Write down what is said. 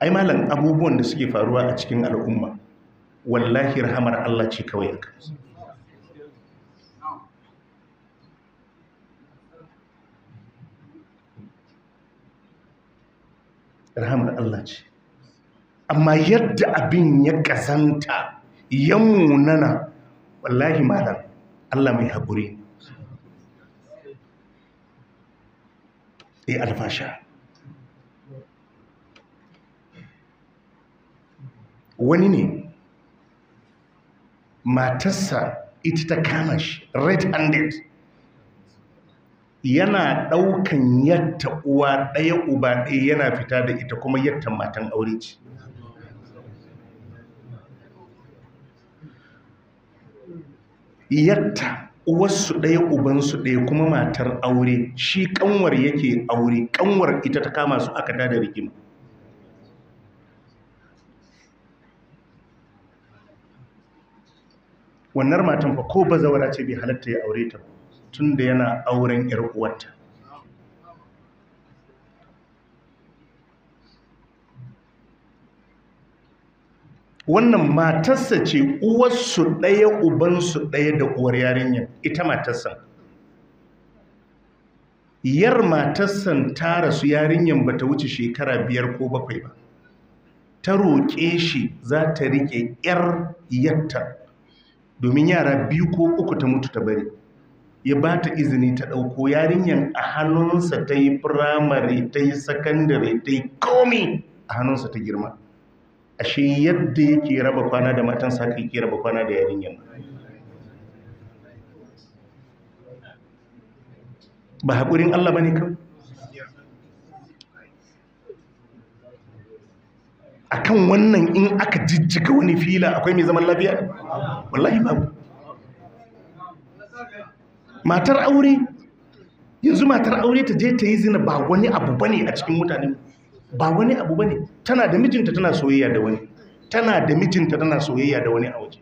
ai malam abubuwan da suke faruwa a cikin al'umma wallahi rahamar Allah ce kawai a kansu rahamar Allah ce amma yadda abin ya kazanta ya munana wallahi malam Allah mai haƙuri ya alfasha wani ne matarsa ita ta kama shi right handed yana ɗaukan yatta uwa ɗaya uba ɗaya yana fita da ita kuma yatta matan aure ce yatta uwarsu ɗaya ubansu ɗaya kuma matar aure shi kanwar yake aure kanwar ita ta kama su aka tada rigima wannan matan fa ko bazawara ce bai halatta ya aure ta tun da yana auren yar uwarta wannan matarsa ce uwarsu ɗaya ubansu ɗaya da uwar yarinyar ita matarsa yar matarsa ta rasu yarinyar ba ta wuce shekara biyar ko bakwai ba ta roƙe shi za ta riƙe yar yatta domin yara biyu ko uku ta mutu ta bari ya ba ta izini ta ɗauko yarinyar a hannunsa ta yi firamare ta yi sakandare ta yi komi a hannunsa ta girma ashe yadda yake raba kwana da matansa haka yake raba kwana da yarinyar ba haƙurin Allah ba ne kawai akan wannan in aka jijjiga wani fila akwai mai zaman lafiya wallahi babu matar aure yanzu matar aure ta je ta yi zina ba wani abu bane a cikin mutane ba wani abu bane tana da mijinta tana soyayya da wani tana da mijinta tana soyayya da wani a waje